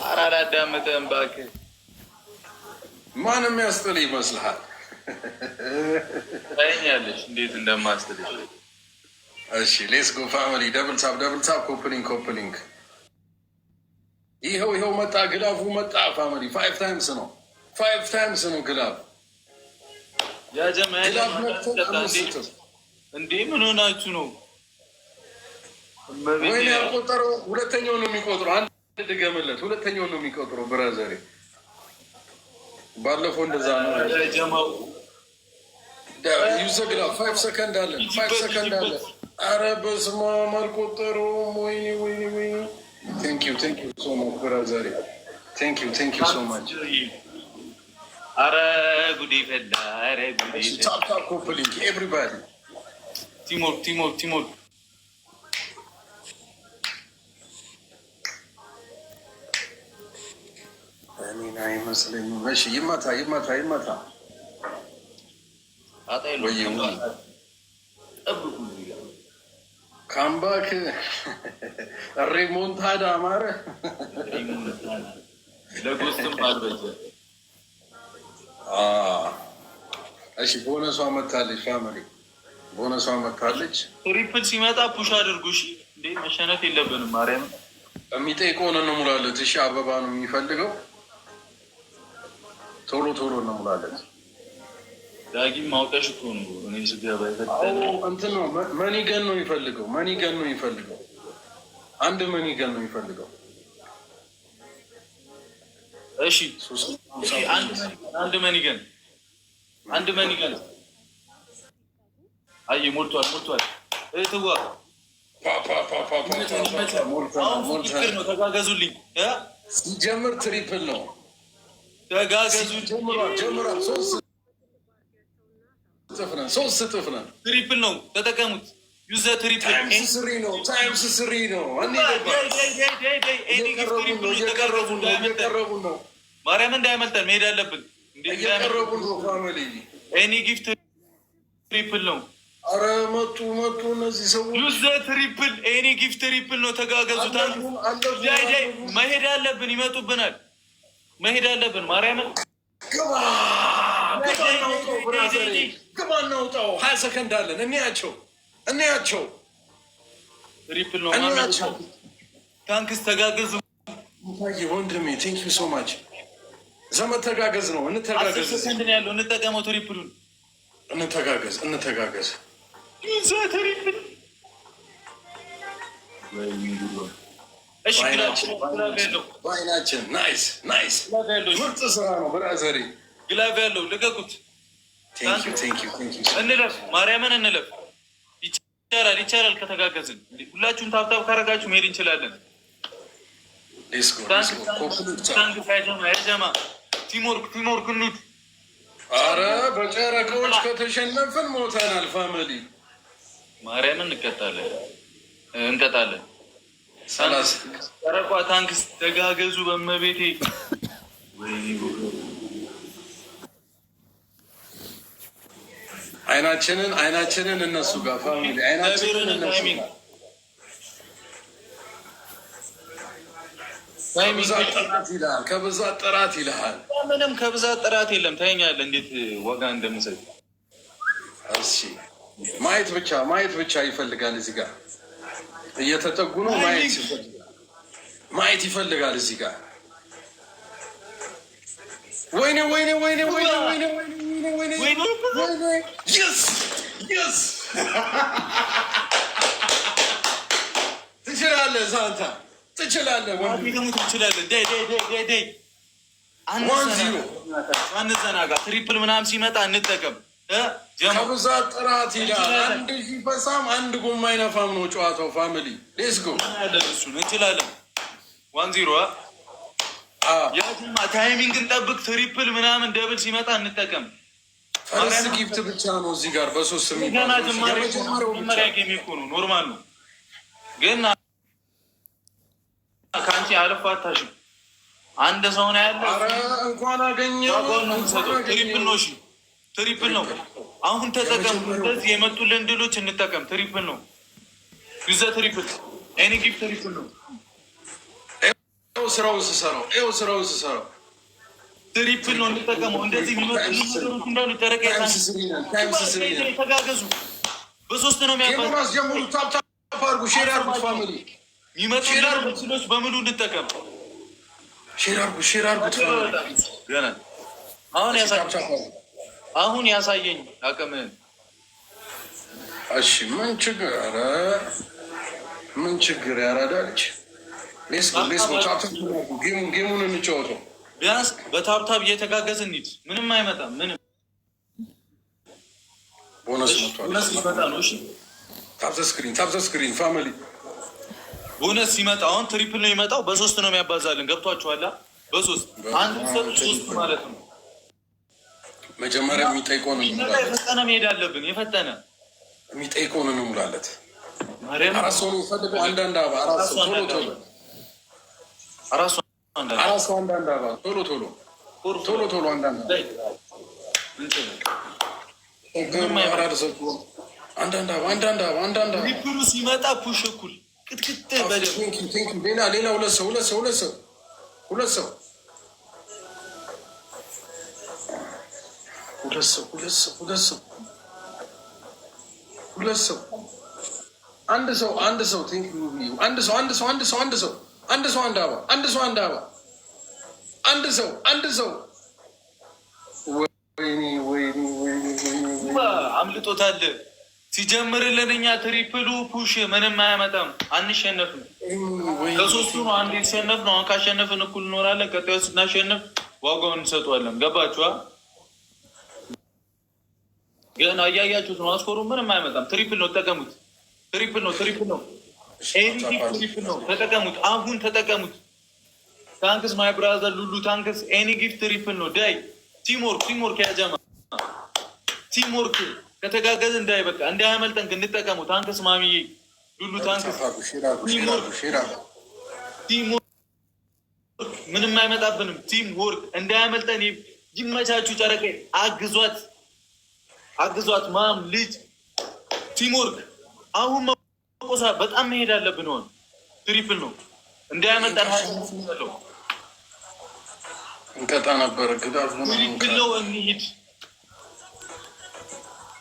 ኧረ አላዳምጠህም እባክህ። ማንም ያስጥል ይመስልሃል? ታይኛለሽ እንዴት እንደማስጥልሽ። እሺ ሌስ ጎ ፋሚሊ ደብል ታፕ ደብል ታፕ ኮፕሊንግ ኮፕሊንግ። ይኸው ይኸው መጣ ግላፉ መጣ። ፋሚሊ ፋይቭ ታይምስ ነው ፋይቭ ታይምስ ነው ግላፍ እንዴ ምን ሆናችሁ ነው? ወይኔ አልቆጠረው። ሁለተኛው ነው የሚቆጥረው ድገምለት። ሁለተኛውን ነው የሚቆጥረው። ብራዘሬ ባለፈው እንደዛ ነው ይዘግላ። ፋይቭ ሰከንድ አለ፣ ፋይቭ ሰከንድ አለ። አረ በስመ አብ አልቆጠረውም። ወይኔ ወይኔ ወይኔ። ቴንክ ዩ ቴንክ ዩ ሶ ማች ብራዘሬ፣ ቴንክ ዩ ቴንክ ዩ ሶ ማች። አረ ጉዴ ፈላ፣ አረ ጉዴ። ታፕ ታፕ ኮፕሊንግ ኤቭሪባዲ። እኔን አይመስለኝም። እሺ ይመታ ይመታ ይመታ። ካምባክ ሬሞንታዳ ማረ ለጎስትም ባልበጀ። እሺ ቦነሷ መታለች። ፋሚሊ ቦነሷ መታለች። ትሪፕል ሲመጣ ፑሽ አድርጉ። እሺ እንዴ መሸነፍ የለብንም። ማርያም የሚጠይቀውን እንሙላለት። እሺ አበባ ነው የሚፈልገው ቶሎ ቶሎ እንሙላለን። ዳጊም ማውቀሽ እኮ ነው። እኔ ስገባ እንትን ነው መኒገን ነው የሚፈልገው፣ መኒገን ነው የሚፈልገው፣ አንድ መኒገን ነው የሚፈልገው። እሺ አንድ መኒገን፣ አንድ መኒገን። አይ ሞልቷል፣ ሞልቷል። እህትዋ ተጋገዙልኝ። ሲጀምር ትሪፕል ነው ደጋገዙ ሶስት ነው። ትሪፕል ነው። ተጠቀሙት። ዩዘ ትሪፕል ስሪ ነው። ታይምስ ስሪ ነው። ማርያም መሄድ አለብን። ኤኒ ጊፍት ትሪፕል ነው። አረ መጡ መጡ። እነዚህ ሰዎች ዩዘ ትሪፕል ኤኒ ጊፍት ትሪፕል ነው። ተጋገዙታል። መሄድ አለብን። ይመጡብናል መሄድ አለብን። ማርያምን ግባ ሀያ ሰከንድ አለን። እንያቸው እንያቸው። ሪፕል ነው ታንክስ። ተጋገዝ ወንድሜ። ቴንክ ዩ ሶ ማች። ዘመድ ተጋገዝ ነው። እንተጋገዝ ሰከንድ ነው ያለው። እንጠቀመው ሪፕሉን። እንተጋገዝ እንተጋገዝ እሺ ናይስ ናይስ፣ ምርጥ ስራ ነው ብራዘሪ። ግላቭ ያለው ልቀቁት፣ እንለፍ፣ ማርያምን እንለፍ። ይቻላል ይቻላል፣ ከተጋገዝን ሁላችሁም ታብታብ ካረጋችሁ መሄድ እንችላለን። ቲሞርክ ቲሞርክ አረ በጨረቃዎች ከተሸነፍን ሞተናል። ፋሚሊ ማርያምን እንቀጣለን እንቀጣለን ጨረቋ ታንክስ ተጋገዙ በመቤቴ አይናችንን አይናችንን እነሱ ጋር ፋሚሊ አይናችንን እነሱ ጋር ከብዛት ጥራት ይልሃል። ምንም ከብዛት ጥራት የለም። ታይኛለህ እንዴት ዋጋ እንደምሰጥ። እሺ ማየት ብቻ ማየት ብቻ ይፈልጋል እዚህ ጋር እየተጠጉ ነው። ማየት ይፈልጋል እዚህ ጋር ወይኔ ወይኔ ወይኔ ወይኔ ወይኔ ሳንታ ወይኔ ትችላለህ፣ ሳንታ ትሪፕል ምናምን ሲመጣ እንጠቀም ከብዛ ጥራት ይላል። አንድ ሺህ አንድ ጎማ አይነፋም ነው ጨዋታው። ፋሚሊ ሌስጎ እንችላለን። ዋን ዚሮ ታይሚንግ እንጠብቅ። ትሪፕል ምናምን ደብል ሲመጣ እንጠቀም። ፈረስ ጊፍት ብቻ ነው እዚህ ጋር በሶስት የሚመጀመሪያ ጌም እኮ ነው። ኖርማል ነው ግን ከአንቺ አልፍ አታሽም። አንድ ሰው ነው ያለ እንኳን አገኘ ትሪፕል ነው። ትሪፕል ነው አሁን ተጠቀም። እንደዚህ የመጡልን ድሎች እንጠቀም። ትሪፕል ነው ዩዘ ትሪፕል ኤኒ ጊቭ ትሪፕል ነው። ይኸው ስራውን ስሰራው፣ ይኸው ስራውን ስሰራው ትሪፕል ነው እንጠቀመው። እንደዚህ የሚመጡት እንዳሉ ጠረቅ ተጋገዙ። በሶስት ነው የሚመጡት ድሎች በሙሉ እንጠቀም። ሼር አድርጉት፣ ሼር አድርጉት። አሁን ያሳ አሁን ያሳየኝ አቅምህን። እሺ ምን ችግር አረ ምን ችግር ያራዳልች ጌሙን የሚጫወተው ቢያንስ በታብታብ እየተጋገዝ እንሂድ። ምንም አይመጣም። ምንም ቦነስ ይመጣ ነው። እሺ ስክሪን ፋሚሊ ቦነስ ሲመጣ አሁን ትሪፕል ነው የሚመጣው። በሶስት ነው የሚያባዛልን። ገብቷችኋላ? በሶስት አንድ ሰጥ ሶስት ማለት ነው መጀመሪያ የሚጠይቀው ነው የፈጠነ መሄድ አለብን። የፈጠነ የሚጠይቀው ነው የሚሙላለት አራት ሰው ነው አንዳንድ አባ አራት ሰው ቶሎ ቶሎ አራት ሰው አንዳንድ አባ ቶሎ ቶሎ ቶሎ ቶሎ አንዳንድ አንዳንድ አባ አንዳንድ አባ አንዳንድ አባ ሲመጣ ፑሽ እኩል ቅጥቅጥ ሌላ ሁለት ሰው ሁለት ሰው ሁለት ሰው ሁለት ሰው ሁለት ሰው ሁለት ሰው ሁለት ሰው ሁለት ሰው አንድ ሰው አንድ ሰው ቴንክ ዩ አንድ ሰው አንድ ሰው አንድ ሰው አንድ ሰው አንድ ሰው አንድ አንድ ሰው አንድ አንድ ሰው አንድ ሰው ወይኔ ወይኔ ወይኔ አምልጦታል። ሲጀምርልን እኛ ትሪፕሉ ፑሽ ምንም አያመጣም። አንሸነፍም። ከሶስቱ ነው አንድ የተሸነፍ ነው። አሁን ካሸነፍን እኩል እንኖራለን። ቀጣዩ ስናሸንፍ ዋጋውን እንሰጠዋለን ገባችኋ? ግን እያያችሁት ነው። ስኮሩ ምንም አይመጣም። ትሪፕል ነው ተጠቀሙት። ትሪፕል ነው ትሪፕል ነው ትሪፕል ነው ተጠቀሙት። አሁን ተጠቀሙት። ታንክስ ማይ ብራዘር ሉሉ ታንክስ ኤኒ ጊፍት ትሪፕል ነው ዳይ ቲምወርክ ቲምወርክ ያጀማ ቲሞርክ ከተጋገዝ እንዳይ በቃ እንዳያመልጠን እንጠቀሙ። ታንክስ ማሚዬ ሉሉ ታንክስ ቲምወርክ ምንም አይመጣብንም። ቲም ወርክ እንዳያመልጠን ይመቻችሁ። ጨረቀ አግዟት አግዟት ማም ልጅ ቲምወርክ አሁን መቆሳ በጣም መሄድ አለብን። ሆን ትሪፕል ነው እንዳያመጣን ለው እንቀጣ ነበረ ትሪፕል ነው እንሂድ።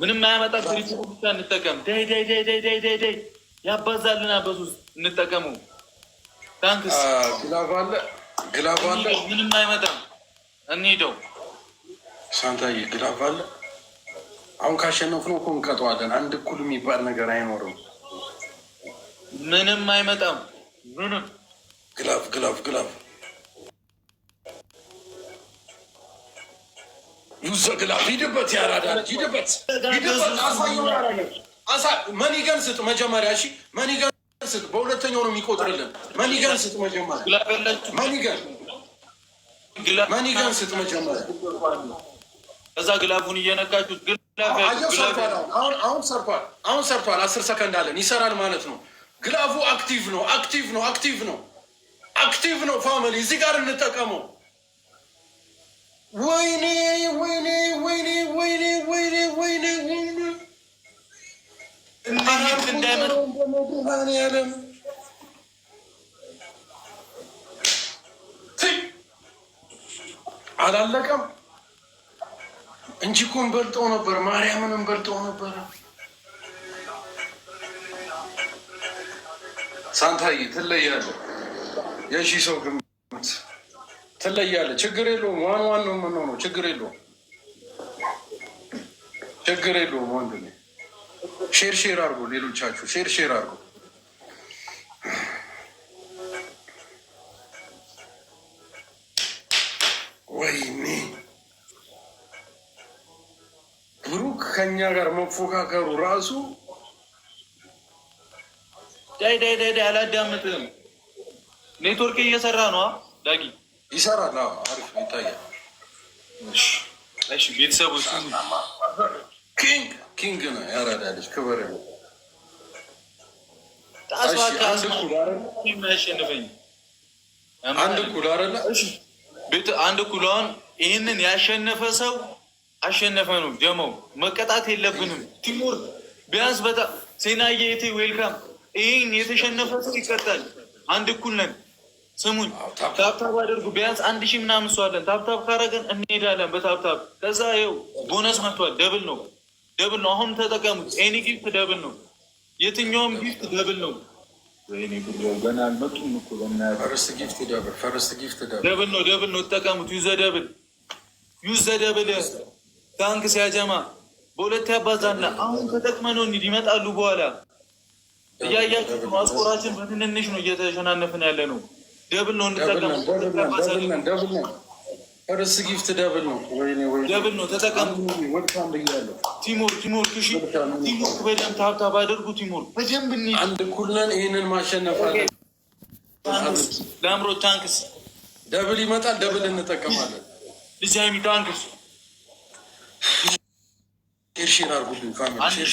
ምንም ማያመጣ ትሪፕል ብቻ እንጠቀም። ዳይ ዳይ ዳይ ዳይ ዳይ ዳይ ዳይ ያባዛልና በሱስ እንጠቀመው። ታንክስ ግላባለ ግላባለ ምንም አይመጣም። እንሂደው ሳንታዬ ግላባለ አሁን ካሸነፍነው እኮ እንቀጠዋለን። አንድ እኩል የሚባል ነገር አይኖርም። ምንም አይመጣም። ምንም ግላፍ ግላፍ ግላፍ ዩዘ ግላፍ ሂድበት፣ ያራዳል። ሂድበት ሂድበት። አሳየው አሳ መኒገን ስጥ መጀመሪያ። እሺ መኒገን ስጥ። በሁለተኛው ነው የሚቆጥርልን። መኒገን ስጥ መጀመሪያ። መኒገን መኒገን ስጥ መጀመሪያ። እዛ ግላፉን እየነካችሁት ግን አሁን ሰርቷል። አሁን ሰርቷል። አስር ሰከንድ አለን። ይሰራል ማለት ነው። ግላቡ አክቲቭ ነው። አክቲቭ ነው። አክቲቭ ነው። አክቲቭ ነው። ፋሚሊ እዚህ ጋር እንጠቀመው። ወይኔ ወይኔ ወይኔ ወይኔ ወይኔ ወይኔ ወይኔ አላለቀም እንጂ እኮ እንበልጠው ነበር፣ ማርያምን እንበልጠው ነበረ። ሳንታዬ ትለያለ፣ የሺ ሰው ግምት ትለያለ። ችግር የለውም። ዋን ዋን ነው የምንሆነው። ችግር የለውም። ችግር የለውም። ወንድሜ ሼር ሼር አድርጎ ሌሎቻችሁ ሼር ሼር አድርጎ ወይ ከኛ ጋር መፎካከሩ ራሱ ዳይ ዳይ ዳይ አላዳምጥም። ኔትወርክ እየሰራ ነው። ዳጊ ይሰራል። አሪፍ ይታያል። እሺ ኪንግ ኪንግ ነው። ያራዳለች ክብር አንድ እኩል አንድ እኩል አሁን ይህንን ያሸነፈ ሰው አሸነፈ ነው ጀመው መቀጣት የለብንም። ቲሙር ቢያንስ በጣም ሴናየ የቴ ዌልካም ይህን የተሸነፈ ሰው ይቀጣል። አንድ እኩል ነን። ስሙኝ ታብታብ አድርጉ። ቢያንስ አንድ ሺህ ምናምን ሰው አለን። ታብታብ ካረገን እንሄዳለን በታብታብ ከዛ ይኸው ቦነስ መጥቷል። ደብል ነው ደብል ነው። አሁን ተጠቀሙት። ኤኒ ጊፍት ደብል ነው። የትኛውም ጊፍት ደብል ነው። ደብል ነው። ደብል ነው። ተጠቀሙት። ዩዘ ደብል ዩዘ ደብል ታንክ ሲያጀማ በሁለት ያባዛና አሁን ተጠቅመ ነው እንሂድ። ይመጣሉ በኋላ እያያችሁ ነው። አስቆራችን በትንንሽ ነው እየተሸናነፍን ያለ ነው። ደብል ነው እንጠቀምርስ ጊፍት ደብል ነው ደብል ነው ተጠቀም። ቲሞር ቲሞር ክሺ ቲሞር በደንብ ታብታብ አድርጉ። ቲሞር በደንብ እንሂድ። አንድ እኩል ይህንን ማሸነፍ ለአምሮ ታንክስ ደብል ይመጣል። ደብል እንጠቀማለን። ልጅ ሀይሚ ታንክስ ሼር ሼር አድርጉልኝ ፋሚሊ